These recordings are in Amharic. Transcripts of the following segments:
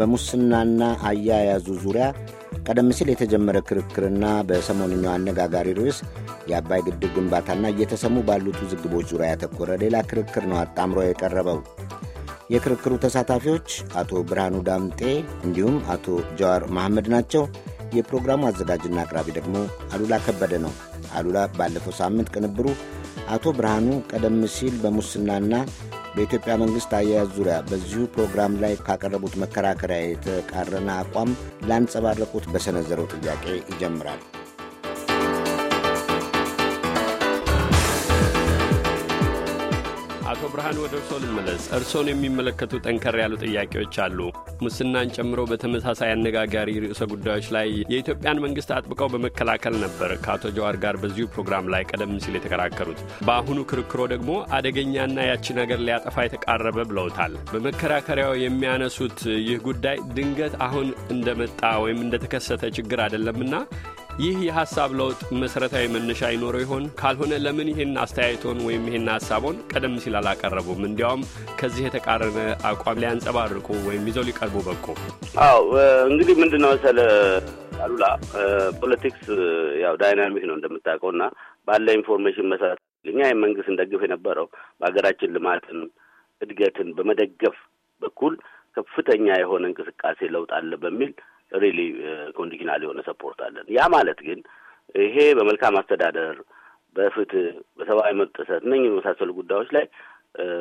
በሙስናና አያያዙ ዙሪያ ቀደም ሲል የተጀመረ ክርክርና በሰሞንኛው አነጋጋሪ ርዕስ የአባይ ግድብ ግንባታና እየተሰሙ ባሉት ውዝግቦች ዙሪያ ያተኮረ ሌላ ክርክር ነው አጣምሮ የቀረበው። የክርክሩ ተሳታፊዎች አቶ ብርሃኑ ዳምጤ እንዲሁም አቶ ጀዋር መሐመድ ናቸው። የፕሮግራሙ አዘጋጅና አቅራቢ ደግሞ አሉላ ከበደ ነው። አሉላ ባለፈው ሳምንት ቅንብሩ አቶ ብርሃኑ ቀደም ሲል በሙስናና በኢትዮጵያ መንግሥት አያያዝ ዙሪያ በዚሁ ፕሮግራም ላይ ካቀረቡት መከራከሪያ የተቃረነ አቋም ላንጸባረቁት በሰነዘረው ጥያቄ ይጀምራል። አቶ ብርሃን ወደ እርስዎ ልመለስ። እርስዎን የሚመለከቱ ጠንከር ያሉ ጥያቄዎች አሉ። ሙስናን ጨምሮ በተመሳሳይ አነጋጋሪ ርዕሰ ጉዳዮች ላይ የኢትዮጵያን መንግስት አጥብቀው በመከላከል ነበር ከአቶ ጀዋር ጋር በዚሁ ፕሮግራም ላይ ቀደም ሲል የተከራከሩት። በአሁኑ ክርክሮ ደግሞ አደገኛና ያቺ ሀገር ሊያጠፋ የተቃረበ ብለውታል። በመከራከሪያው የሚያነሱት ይህ ጉዳይ ድንገት አሁን እንደመጣ ወይም እንደተከሰተ ችግር አይደለምና ይህ የሐሳብ ለውጥ መሠረታዊ መነሻ ይኖረው ይሆን? ካልሆነ ለምን ይህን አስተያየቶን ወይም ይህን ሐሳቦን ቀደም ሲል አላቀረቡም? እንዲያውም ከዚህ የተቃረነ አቋም ሊያንጸባርቁ ወይም ይዘው ሊቀርቡ በቁ? አዎ እንግዲህ ምንድን ነው መሰለ አሉላ፣ ፖለቲክስ ያው ዳይናሚክ ነው እንደምታውቀው እና ባለ ኢንፎርሜሽን መሰረት እኛ የመንግስት እንደግፍ የነበረው በሀገራችን ልማትን እድገትን በመደገፍ በኩል ከፍተኛ የሆነ እንቅስቃሴ ለውጥ አለ በሚል ሪሊ ኮንዲሽናል የሆነ ሰፖርት አለን። ያ ማለት ግን ይሄ በመልካም አስተዳደር፣ በፍትህ፣ በሰብአዊ መብት ጥሰት እነኝህ በመሳሰሉ ጉዳዮች ላይ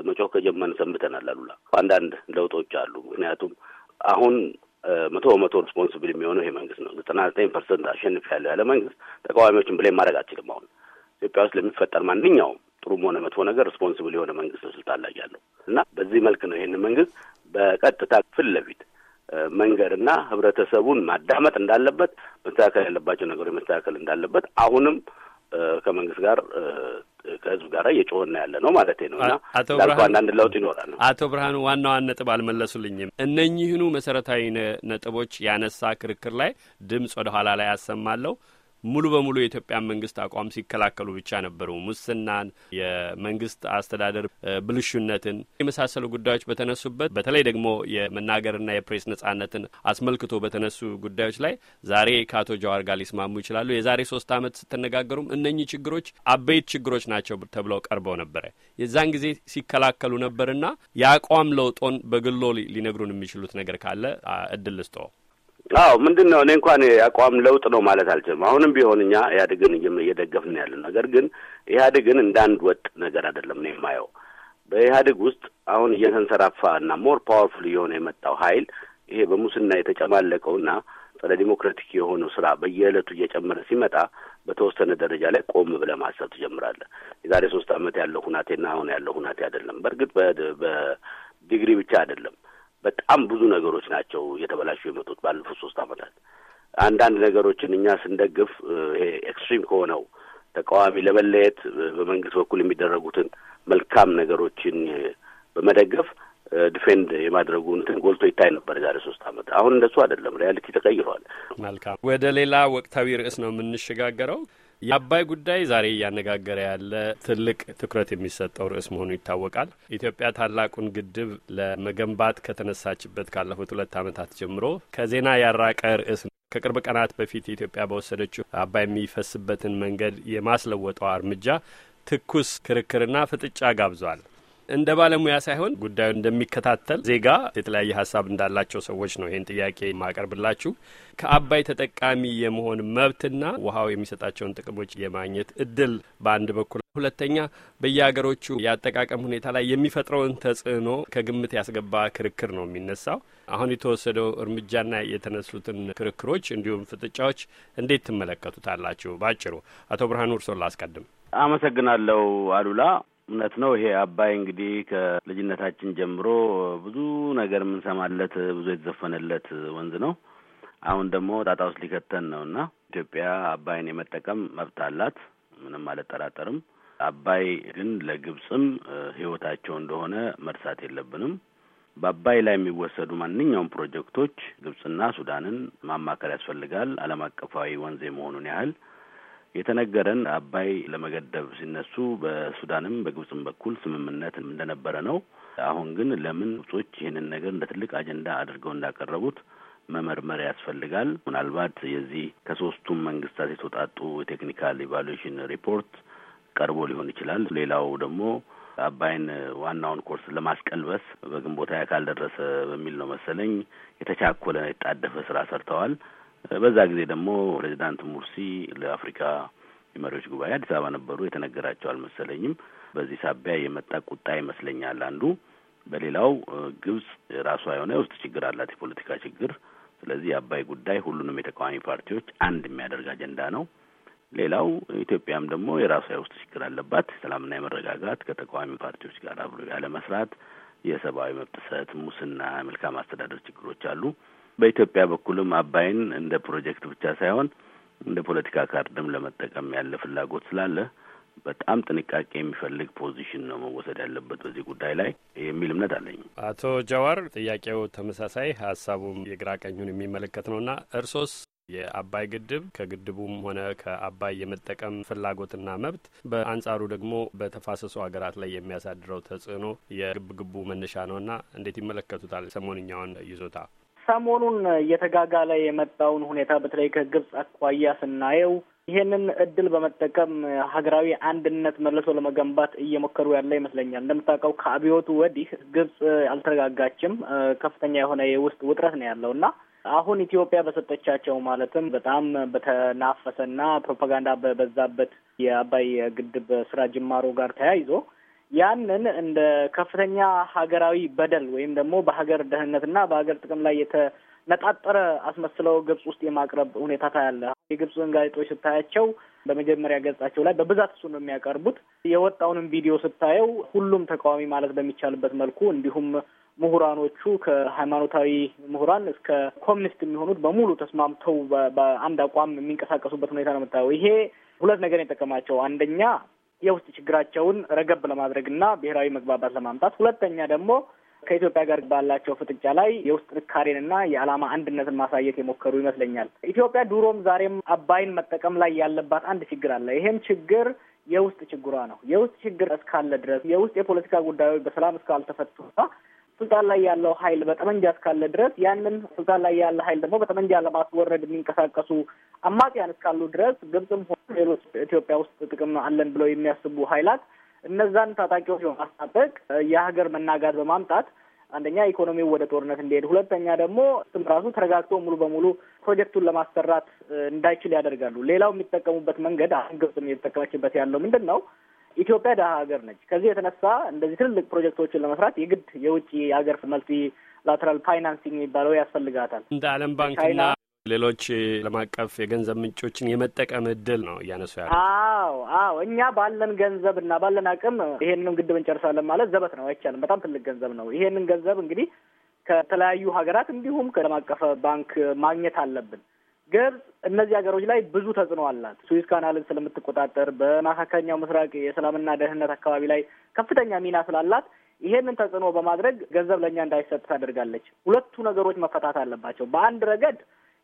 መጮህ ከጀመን ሰንብተናል። አሉላ አንዳንድ ለውጦች አሉ። ምክንያቱም አሁን መቶ በመቶ ሪስፖንስብል የሚሆነው ይሄ መንግስት ነው። ዘጠና ዘጠኝ ፐርሰንት አሸንፍ ያለው ያለ መንግስት ተቃዋሚዎችን ብላይ ማድረግ አችልም። አሁን ኢትዮጵያ ውስጥ ለሚፈጠር ማንኛውም ጥሩም ሆነ መጥፎ ነገር ሪስፖንስብል የሆነ መንግስት ነው ስልጣን ላይ ያለው እና በዚህ መልክ ነው ይህን መንግስት በቀጥታ ፊት ለፊት መንገድ እና ህብረተሰቡን ማዳመጥ እንዳለበት መስተካከል ያለባቸው ነገሮች መስተካከል እንዳለበት አሁንም ከመንግስት ጋር ከህዝብ ጋር እየጮህና ያለ ነው ማለት ነው። እና አንዳንድ ለውጥ ይኖራል። አቶ ብርሃኑ ዋና ዋና ነጥብ አልመለሱልኝም። እነኚህኑ መሰረታዊ ነጥቦች ያነሳ ክርክር ላይ ድምፅ ወደ ኋላ ላይ አሰማለሁ። ሙሉ በሙሉ የኢትዮጵያን መንግስት አቋም ሲከላከሉ ብቻ ነበሩ። ሙስናን፣ የመንግስት አስተዳደር ብልሹነትን የመሳሰሉ ጉዳዮች በተነሱበት በተለይ ደግሞ የመናገርና የፕሬስ ነጻነትን አስመልክቶ በተነሱ ጉዳዮች ላይ ዛሬ ከአቶ ጀዋር ጋር ሊስማሙ ይችላሉ። የዛሬ ሶስት አመት ስትነጋገሩም እነኚህ ችግሮች አበይት ችግሮች ናቸው ተብለው ቀርበው ነበረ። የዛን ጊዜ ሲከላከሉ ነበርና የአቋም ለውጦን በግሎ ሊነግሩን የሚችሉት ነገር ካለ እድል ልስጦ። አዎ ምንድን ነው እኔ እንኳን አቋም ለውጥ ነው ማለት አልችልም። አሁንም ቢሆን እኛ ኢህአዴግን እየደገፍን ያለ ነገር ግን ኢህአዴግን አንድ ወጥ ነገር አይደለም ነው የማየው። በኢህአዴግ ውስጥ አሁን እየተንሰራፋ እና ሞር ፓወርፉል እየሆነ የመጣው ሀይል ይሄ በሙስና የተጨማለቀውና ጸረ ዲሞክራቲክ የሆነው ስራ በየዕለቱ እየጨመረ ሲመጣ በተወሰነ ደረጃ ላይ ቆም ብለህ ማሰብ ትጀምራለህ። የዛሬ ሶስት ዓመት ያለው ሁናቴና አሁን ያለው ሁናቴ አይደለም። በእርግጥ በዲግሪ ብቻ አይደለም በጣም ብዙ ነገሮች ናቸው የተበላሹ የመጡት ባለፉት ሶስት አመታት አንዳንድ ነገሮችን እኛ ስንደግፍ ይሄ ኤክስትሪም ከሆነው ተቃዋሚ ለመለየት በመንግስት በኩል የሚደረጉትን መልካም ነገሮችን በመደገፍ ዲፌንድ የማድረጉ እንትን ጎልቶ ይታይ ነበር ዛሬ ሶስት አመት። አሁን እንደሱ አይደለም፣ ሪያሊቲ ተቀይሯል። መልካም። ወደ ሌላ ወቅታዊ ርዕስ ነው የምንሸጋገረው። የአባይ ጉዳይ ዛሬ እያነጋገረ ያለ ትልቅ ትኩረት የሚሰጠው ርዕስ መሆኑ ይታወቃል። ኢትዮጵያ ታላቁን ግድብ ለመገንባት ከተነሳችበት ካለፉት ሁለት ዓመታት ጀምሮ ከዜና ያራቀ ርዕስ ነው። ከቅርብ ቀናት በፊት ኢትዮጵያ በወሰደችው አባይ የሚፈስበትን መንገድ የማስለወጧ እርምጃ ትኩስ ክርክርና ፍጥጫ ጋብዟል። እንደ ባለሙያ ሳይሆን ጉዳዩን እንደሚከታተል ዜጋ የተለያየ ሀሳብ እንዳላቸው ሰዎች ነው ይህን ጥያቄ የማቀርብላችሁ። ከአባይ ተጠቃሚ የመሆን መብትና ውሃው የሚሰጣቸውን ጥቅሞች የማግኘት እድል በአንድ በኩል፣ ሁለተኛ በየሀገሮቹ የአጠቃቀም ሁኔታ ላይ የሚፈጥረውን ተጽዕኖ ከግምት ያስገባ ክርክር ነው የሚነሳው። አሁን የተወሰደው እርምጃና የተነሱትን ክርክሮች እንዲሁም ፍጥጫዎች እንዴት ትመለከቱታላችሁ? ባጭሩ አቶ ብርሃኑ እርሶን ላስቀድም። አመሰግናለሁ አሉላ። እውነት ነው። ይሄ አባይ እንግዲህ ከልጅነታችን ጀምሮ ብዙ ነገር የምንሰማለት ብዙ የተዘፈነለት ወንዝ ነው። አሁን ደግሞ ጣጣ ውስጥ ሊከተን ነው እና ኢትዮጵያ አባይን የመጠቀም መብት አላት፣ ምንም አልጠራጠርም። አባይ ግን ለግብጽም ህይወታቸው እንደሆነ መርሳት የለብንም። በአባይ ላይ የሚወሰዱ ማንኛውም ፕሮጀክቶች ግብጽና ሱዳንን ማማከር ያስፈልጋል ዓለም አቀፋዊ ወንዝ መሆኑን ያህል የተነገረን አባይ ለመገደብ ሲነሱ በሱዳንም በግብጽም በኩል ስምምነት እንደነበረ ነው። አሁን ግን ለምን ግብጾች ይህንን ነገር እንደ ትልቅ አጀንዳ አድርገው እንዳቀረቡት መመርመር ያስፈልጋል። ምናልባት የዚህ ከሶስቱም መንግስታት የተውጣጡ የቴክኒካል ኢቫሉዌሽን ሪፖርት ቀርቦ ሊሆን ይችላል። ሌላው ደግሞ አባይን ዋናውን ኮርስ ለማስቀልበስ በግንቦት ሃያ ካልደረሰ በሚል ነው መሰለኝ የተቻኮለ የጣደፈ ስራ ሰርተዋል። በዛ ጊዜ ደግሞ ፕሬዚዳንት ሙርሲ ለአፍሪካ የመሪዎች ጉባኤ አዲስ አበባ ነበሩ። የተነገራቸው አልመሰለኝም። በዚህ ሳቢያ የመጣ ቁጣ ይመስለኛል አንዱ። በሌላው ግብጽ ራሷ የሆነ የውስጥ ችግር አላት፣ የፖለቲካ ችግር። ስለዚህ የአባይ ጉዳይ ሁሉንም የተቃዋሚ ፓርቲዎች አንድ የሚያደርግ አጀንዳ ነው። ሌላው ኢትዮጵያም ደግሞ የራሷ የውስጥ ችግር አለባት። ሰላምና የመረጋጋት ከተቃዋሚ ፓርቲዎች ጋር አብሮ ያለመስራት፣ የሰብአዊ መብት ጥሰት፣ ሙስና፣ መልካም አስተዳደር ችግሮች አሉ። በኢትዮጵያ በኩልም አባይን እንደ ፕሮጀክት ብቻ ሳይሆን እንደ ፖለቲካ ካርድም ለመጠቀም ያለ ፍላጎት ስላለ በጣም ጥንቃቄ የሚፈልግ ፖዚሽን ነው መወሰድ ያለበት በዚህ ጉዳይ ላይ የሚል እምነት አለኝ። አቶ ጀዋር ጥያቄው ተመሳሳይ ሀሳቡም የግራ ቀኙን የሚመለከት ነውና እርሶስ የአባይ ግድብ ከግድቡም ሆነ ከአባይ የመጠቀም ፍላጎትና መብት በአንጻሩ ደግሞ በተፋሰሱ ሀገራት ላይ የሚያሳድረው ተጽዕኖ የግብግቡ መነሻ ነውና እንዴት ይመለከቱታል ሰሞንኛውን ይዞታ? ሰሞኑን እየተጋጋለ የመጣውን ሁኔታ በተለይ ከግብጽ አኳያ ስናየው ይሄንን እድል በመጠቀም ሀገራዊ አንድነት መልሶ ለመገንባት እየሞከሩ ያለ ይመስለኛል። እንደምታውቀው ከአብዮቱ ወዲህ ግብጽ አልተረጋጋችም። ከፍተኛ የሆነ የውስጥ ውጥረት ነው ያለው እና አሁን ኢትዮጵያ በሰጠቻቸው ማለትም በጣም በተናፈሰና ፕሮፓጋንዳ በበዛበት የአባይ ግድብ ስራ ጅማሮ ጋር ተያይዞ ያንን እንደ ከፍተኛ ሀገራዊ በደል ወይም ደግሞ በሀገር ደህንነትና በሀገር ጥቅም ላይ የተነጣጠረ አስመስለው ግብጽ ውስጥ የማቅረብ ሁኔታ ታያለ። የግብፅን ጋዜጦች ስታያቸው በመጀመሪያ ገጻቸው ላይ በብዛት እሱ ነው የሚያቀርቡት። የወጣውንም ቪዲዮ ስታየው ሁሉም ተቃዋሚ ማለት በሚቻልበት መልኩ እንዲሁም ምሁራኖቹ ከሃይማኖታዊ ምሁራን እስከ ኮሚኒስት የሚሆኑት በሙሉ ተስማምተው በአንድ አቋም የሚንቀሳቀሱበት ሁኔታ ነው የምታየው። ይሄ ሁለት ነገር የጠቀማቸው አንደኛ የውስጥ ችግራቸውን ረገብ ለማድረግና ብሔራዊ መግባባት ለማምጣት፣ ሁለተኛ ደግሞ ከኢትዮጵያ ጋር ባላቸው ፍጥጫ ላይ የውስጥ ጥንካሬንና የዓላማ አንድነትን ማሳየት የሞከሩ ይመስለኛል። ኢትዮጵያ ድሮም ዛሬም አባይን መጠቀም ላይ ያለባት አንድ ችግር አለ። ይሄም ችግር የውስጥ ችግሯ ነው። የውስጥ ችግር እስካለ ድረስ የውስጥ የፖለቲካ ጉዳዮች በሰላም እስካልተፈቱ ስልጣን ላይ ያለው ኃይል በጠመንጃ እስካለ ድረስ ያንን ስልጣን ላይ ያለ ኃይል ደግሞ በጠመንጃ ለማስወረድ የሚንቀሳቀሱ አማጽያን እስካሉ ድረስ ግብጽም ሆኑ ሌሎች ኢትዮጵያ ውስጥ ጥቅም አለን ብለው የሚያስቡ ኃይላት እነዛን ታጣቂዎች በማስታጠቅ የሀገር መናጋት በማምጣት አንደኛ ኢኮኖሚው ወደ ጦርነት እንዲሄድ፣ ሁለተኛ ደግሞ ስም ራሱ ተረጋግቶ ሙሉ በሙሉ ፕሮጀክቱን ለማሰራት እንዳይችል ያደርጋሉ። ሌላው የሚጠቀሙበት መንገድ አሁን ግብጽም እየተጠቀመችበት ያለው ምንድን ነው? ኢትዮጵያ ደሀ ሀገር ነች። ከዚህ የተነሳ እንደዚህ ትልልቅ ፕሮጀክቶችን ለመስራት የግድ የውጭ ሀገር መልቲ ላተራል ፋይናንሲንግ የሚባለው ያስፈልጋታል። እንደ ዓለም ባንክና ሌሎች ዓለም አቀፍ የገንዘብ ምንጮችን የመጠቀም እድል ነው እያነሱ ያለ። አዎ አዎ፣ እኛ ባለን ገንዘብ እና ባለን አቅም ይሄንንም ግድብ እንጨርሳለን ማለት ዘበት ነው፣ አይቻልም። በጣም ትልቅ ገንዘብ ነው። ይሄንን ገንዘብ እንግዲህ ከተለያዩ ሀገራት እንዲሁም ከዓለም አቀፍ ባንክ ማግኘት አለብን። ግብጽ እነዚህ ሀገሮች ላይ ብዙ ተጽዕኖ አላት። ስዊዝ ካናልን ስለምትቆጣጠር በመካከለኛው ምስራቅ የሰላምና ደህንነት አካባቢ ላይ ከፍተኛ ሚና ስላላት ይሄንን ተጽዕኖ በማድረግ ገንዘብ ለእኛ እንዳይሰጥ ታደርጋለች። ሁለቱ ነገሮች መፈታት አለባቸው። በአንድ ረገድ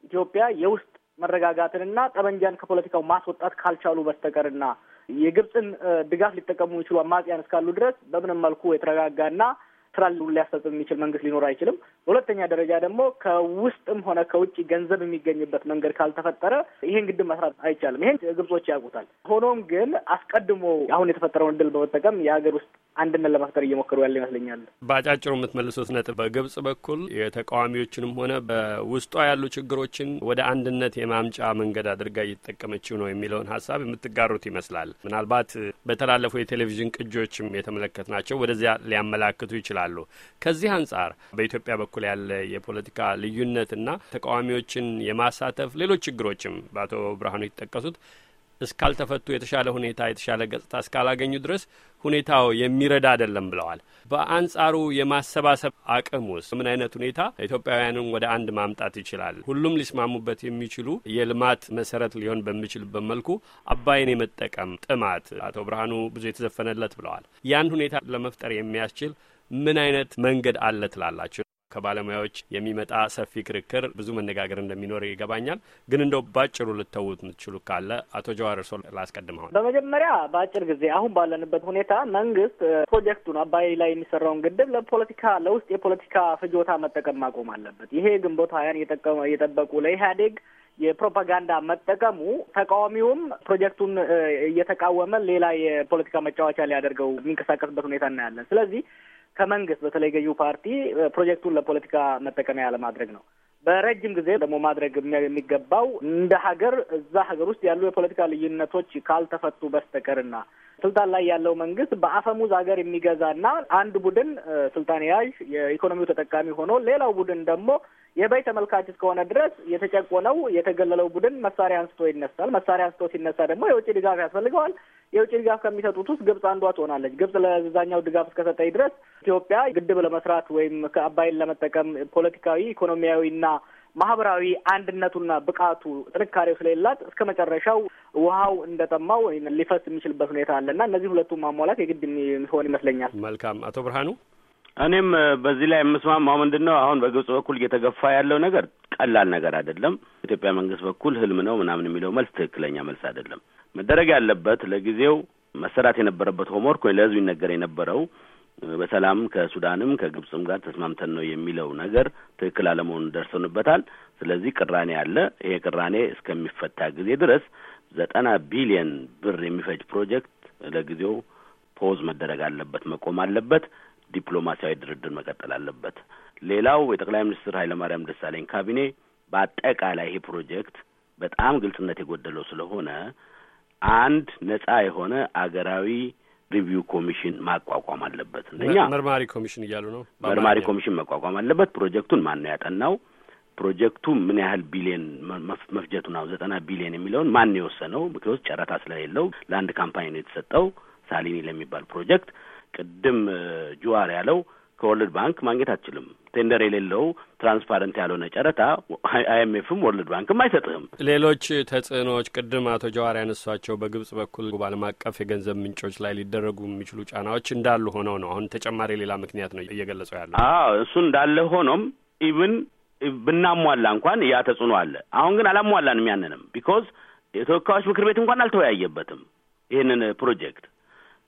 ኢትዮጵያ የውስጥ መረጋጋትንና ጠመንጃን ከፖለቲካው ማስወጣት ካልቻሉ በስተቀርና የግብፅን ድጋፍ ሊጠቀሙ የሚችሉ አማጽያን እስካሉ ድረስ በምንም መልኩ የተረጋጋና ስራ ሁሉ ሊያስፈጽም የሚችል መንግስት ሊኖር አይችልም። በሁለተኛ ደረጃ ደግሞ ከውስጥም ሆነ ከውጭ ገንዘብ የሚገኝበት መንገድ ካልተፈጠረ ይሄን ግድብ መስራት አይቻልም። ይሄን ግብጾች ያውቁታል። ሆኖም ግን አስቀድሞ አሁን የተፈጠረውን እድል በመጠቀም የሀገር ውስጥ አንድነት ለመፍጠር እየሞከሩ ያለ ይመስለኛል። በአጫጭሩ የምትመልሱት ነጥብ በግብጽ በኩል የተቃዋሚዎችንም ሆነ በውስጧ ያሉ ችግሮችን ወደ አንድነት የማምጫ መንገድ አድርጋ እየተጠቀመችው ነው የሚለውን ሀሳብ የምትጋሩት ይመስላል። ምናልባት በተላለፉ የቴሌቪዥን ቅጂዎችም የተመለከት ናቸው ወደዚያ ሊያመላክቱ ይችላሉ። ከዚህ አንጻር በኢትዮጵያ በኩል ያለ የፖለቲካ ልዩነትና ተቃዋሚዎችን የማሳተፍ ሌሎች ችግሮችም በአቶ ብርሃኑ የተጠቀሱት እስካልተፈቱ የተሻለ ሁኔታ የተሻለ ገጽታ እስካላገኙ ድረስ ሁኔታው የሚረዳ አይደለም ብለዋል። በአንጻሩ የማሰባሰብ አቅም ውስጥ ምን አይነት ሁኔታ ኢትዮጵያውያንን ወደ አንድ ማምጣት ይችላል? ሁሉም ሊስማሙበት የሚችሉ የልማት መሰረት ሊሆን በሚችልበት መልኩ አባይን የመጠቀም ጥማት አቶ ብርሃኑ ብዙ የተዘፈነለት ብለዋል። ያን ሁኔታ ለመፍጠር የሚያስችል ምን አይነት መንገድ አለ ትላላችሁ? ከባለሙያዎች የሚመጣ ሰፊ ክርክር፣ ብዙ መነጋገር እንደሚኖር ይገባኛል። ግን እንደው ባጭሩ ልተውት ምትችሉ ካለ አቶ ጀዋር እርሶ ላስቀድም። በመጀመሪያ በአጭር ጊዜ አሁን ባለንበት ሁኔታ መንግስት ፕሮጀክቱን አባይ ላይ የሚሰራውን ግድብ ለፖለቲካ ለውስጥ የፖለቲካ ፍጆታ መጠቀም ማቆም አለበት። ይሄ ግንቦት ሀያን የጠበቁ ለኢህአዴግ የፕሮፓጋንዳ መጠቀሙ ተቃዋሚውም ፕሮጀክቱን እየተቃወመ ሌላ የፖለቲካ መጫወቻ ሊያደርገው የሚንቀሳቀስበት ሁኔታ እናያለን። ስለዚህ ከመንግስት በተለይ ገዢው ፓርቲ ፕሮጀክቱን ለፖለቲካ መጠቀሚያ ለማድረግ ነው። በረጅም ጊዜ ደግሞ ማድረግ የሚገባው እንደ ሀገር እዛ ሀገር ውስጥ ያሉ የፖለቲካ ልዩነቶች ካልተፈቱ በስተቀርና ስልጣን ላይ ያለው መንግስት በአፈሙዝ ሀገር የሚገዛና አንድ ቡድን ስልጣን ያዥ የኢኮኖሚው ተጠቃሚ ሆኖ ሌላው ቡድን ደግሞ የበይ ተመልካች እስከሆነ ድረስ የተጨቆነው የተገለለው ቡድን መሳሪያ አንስቶ ይነሳል። መሳሪያ አንስቶ ሲነሳ ደግሞ የውጭ ድጋፍ ያስፈልገዋል። የውጭ ድጋፍ ከሚሰጡት ውስጥ ግብጽ አንዷ ትሆናለች። ግብጽ ለዛኛው ድጋፍ እስከሰጠኝ ድረስ ኢትዮጵያ ግድብ ለመስራት ወይም ከአባይን ለመጠቀም ፖለቲካዊ፣ ኢኮኖሚያዊና ማህበራዊ አንድነቱና ብቃቱ ጥንካሬው ስለሌላት እስከ መጨረሻው ውሃው እንደጠማው ሊፈስ የሚችልበት ሁኔታ አለና እነዚህ ሁለቱ ማሟላት የግድ የሚሆን ይመስለኛል። መልካም አቶ ብርሃኑ። እኔም በዚህ ላይ የምስማማው ምንድን ነው፣ አሁን በግብጽ በኩል እየተገፋ ያለው ነገር ቀላል ነገር አይደለም። ኢትዮጵያ መንግስት በኩል ህልም ነው ምናምን የሚለው መልስ ትክክለኛ መልስ አይደለም። መደረግ ያለበት ለጊዜው መሰራት የነበረበት ሆምወርክ ወይ ለህዝብ ይነገር የነበረው በሰላም ከሱዳንም ከግብጽም ጋር ተስማምተን ነው የሚለው ነገር ትክክል አለመሆኑን ደርሰንበታል። ስለዚህ ቅራኔ አለ። ይሄ ቅራኔ እስከሚፈታ ጊዜ ድረስ ዘጠና ቢሊየን ብር የሚፈጅ ፕሮጀክት ለጊዜው ፖዝ መደረግ አለበት፣ መቆም አለበት። ዲፕሎማሲያዊ ድርድር መቀጠል አለበት። ሌላው የጠቅላይ ሚኒስትር ኃይለማርያም ደሳለኝ ካቢኔ በአጠቃላይ ይሄ ፕሮጀክት በጣም ግልጽነት የጎደለው ስለሆነ አንድ ነጻ የሆነ አገራዊ ሪቪው ኮሚሽን ማቋቋም አለበት። እንደኛ መርማሪ ኮሚሽን እያሉ ነው። መርማሪ ኮሚሽን መቋቋም አለበት። ፕሮጀክቱን ማን ነው ያጠናው? ፕሮጀክቱ ምን ያህል ቢሊየን መፍጀቱ ነው? ዘጠና ቢሊየን የሚለውን ማን የወሰነው? ምክንያቱ ጨረታ ስለሌለው ለአንድ ካምፓኒ ነው የተሰጠው። ሳሊኒ ለሚባል ፕሮጀክት ቅድም ጁዋር ያለው ከወርልድ ባንክ ማግኘት አትችልም። ቴንደር የሌለው ትራንስፓረንት ያልሆነ ጨረታ አይኤምኤፍም ወርልድ ባንክም አይሰጥህም። ሌሎች ተጽዕኖዎች ቅድም አቶ ጀዋር ያነሷቸው በግብጽ በኩል በዓለም አቀፍ የገንዘብ ምንጮች ላይ ሊደረጉ የሚችሉ ጫናዎች እንዳሉ ሆነው ነው አሁን ተጨማሪ ሌላ ምክንያት ነው እየገለጸው ያለ እሱ እንዳለ ሆኖም ኢቭን ብናሟላ እንኳን ያ ተጽዕኖ አለ። አሁን ግን አላሟላንም ያንንም ቢኮዝ የተወካዮች ምክር ቤት እንኳን አልተወያየበትም ይህንን ፕሮጀክት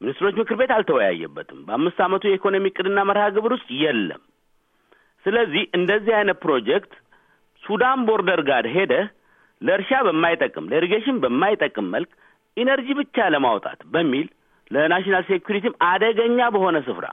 ሚኒስትሮች ምክር ቤት አልተወያየበትም። በአምስት ዓመቱ የኢኮኖሚ እቅድና መርሃ ግብር ውስጥ የለም። ስለዚህ እንደዚህ አይነት ፕሮጀክት ሱዳን ቦርደር ጋር ሄደህ ለእርሻ በማይጠቅም ለኢሪጌሽን በማይጠቅም መልክ ኢነርጂ ብቻ ለማውጣት በሚል ለናሽናል ሴኩሪቲም አደገኛ በሆነ ስፍራ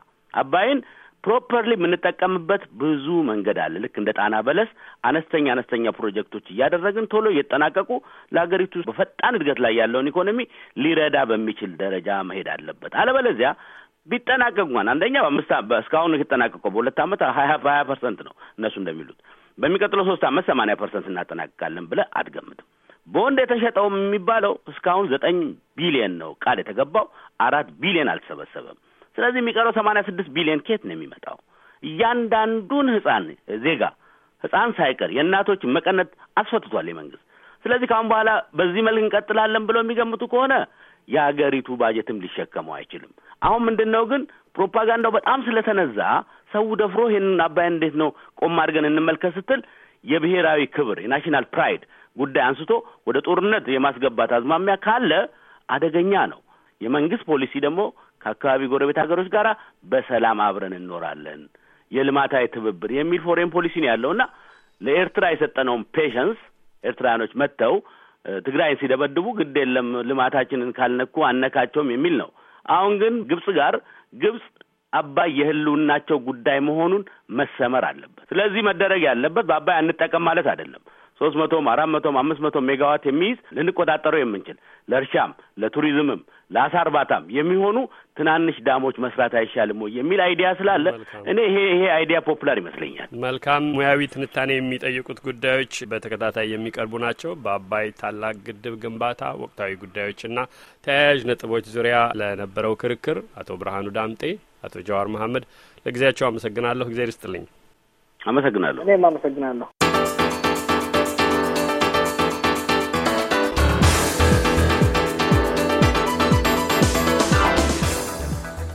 አባይን ፕሮፐርሊ የምንጠቀምበት ብዙ መንገድ አለ። ልክ እንደ ጣና በለስ አነስተኛ አነስተኛ ፕሮጀክቶች እያደረግን ቶሎ እየተጠናቀቁ ለሀገሪቱ በፈጣን እድገት ላይ ያለውን ኢኮኖሚ ሊረዳ በሚችል ደረጃ መሄድ አለበት። አለበለዚያ ቢጠናቀቁ እንኳን አንደኛ በአምስት እስካሁን የተጠናቀቀው በሁለት ዓመት ሀያ ሀያ ፐርሰንት ነው እነሱ እንደሚሉት በሚቀጥለው ሶስት ዓመት ሰማንያ ፐርሰንት እናጠናቅቃለን ብለህ አትገምትም። በወንድ የተሸጠው የሚባለው እስካሁን ዘጠኝ ቢሊየን ነው ቃል የተገባው፣ አራት ቢሊየን አልተሰበሰበም። ስለዚህ የሚቀረው ሰማንያ ስድስት ቢሊዮን ኬት ነው የሚመጣው? እያንዳንዱን ህጻን ዜጋ ህጻን ሳይቀር የእናቶች መቀነት አስፈትቷል የመንግስት። ስለዚህ ከአሁን በኋላ በዚህ መልክ እንቀጥላለን ብለው የሚገምቱ ከሆነ የሀገሪቱ ባጀትም ሊሸከመው አይችልም። አሁን ምንድን ነው ግን ፕሮፓጋንዳው በጣም ስለተነዛ ሰው ደፍሮ ይህንን አባይ እንዴት ነው ቆም አድርገን እንመልከት ስትል የብሔራዊ ክብር የናሽናል ፕራይድ ጉዳይ አንስቶ ወደ ጦርነት የማስገባት አዝማሚያ ካለ አደገኛ ነው። የመንግስት ፖሊሲ ደግሞ ከአካባቢ ጎረቤት ሀገሮች ጋር በሰላም አብረን እንኖራለን፣ የልማታዊ ትብብር የሚል ፎሬን ፖሊሲ ነው ያለው እና ለኤርትራ የሰጠነውን ፔሸንስ ኤርትራውያኖች መጥተው ትግራይን ሲደበድቡ ግድ የለም ልማታችንን ካልነኩ አነካቸውም የሚል ነው። አሁን ግን ግብጽ ጋር ግብጽ አባይ የህልውናቸው ጉዳይ መሆኑን መሰመር አለበት። ስለዚህ መደረግ ያለበት በአባይ አንጠቀም ማለት አይደለም። ሶስት መቶም አራት መቶም አምስት መቶ ሜጋዋት የሚይዝ ልንቆጣጠረው የምንችል ለእርሻም ለቱሪዝምም ለአሳ እርባታም የሚሆኑ ትናንሽ ዳሞች መስራት አይሻልም ወይ የሚል አይዲያ ስላለ እኔ ይሄ ይሄ አይዲያ ፖፑላር ይመስለኛል። መልካም ሙያዊ ትንታኔ የሚጠይቁት ጉዳዮች በተከታታይ የሚቀርቡ ናቸው። በአባይ ታላቅ ግድብ ግንባታ ወቅታዊ ጉዳዮችና ተያያዥ ነጥቦች ዙሪያ ለነበረው ክርክር አቶ ብርሃኑ ዳምጤ፣ አቶ ጀዋር መሐመድ ለጊዜያቸው አመሰግናለሁ። እግዜር ይስጥልኝ። አመሰግናለሁ። እኔም አመሰግናለሁ።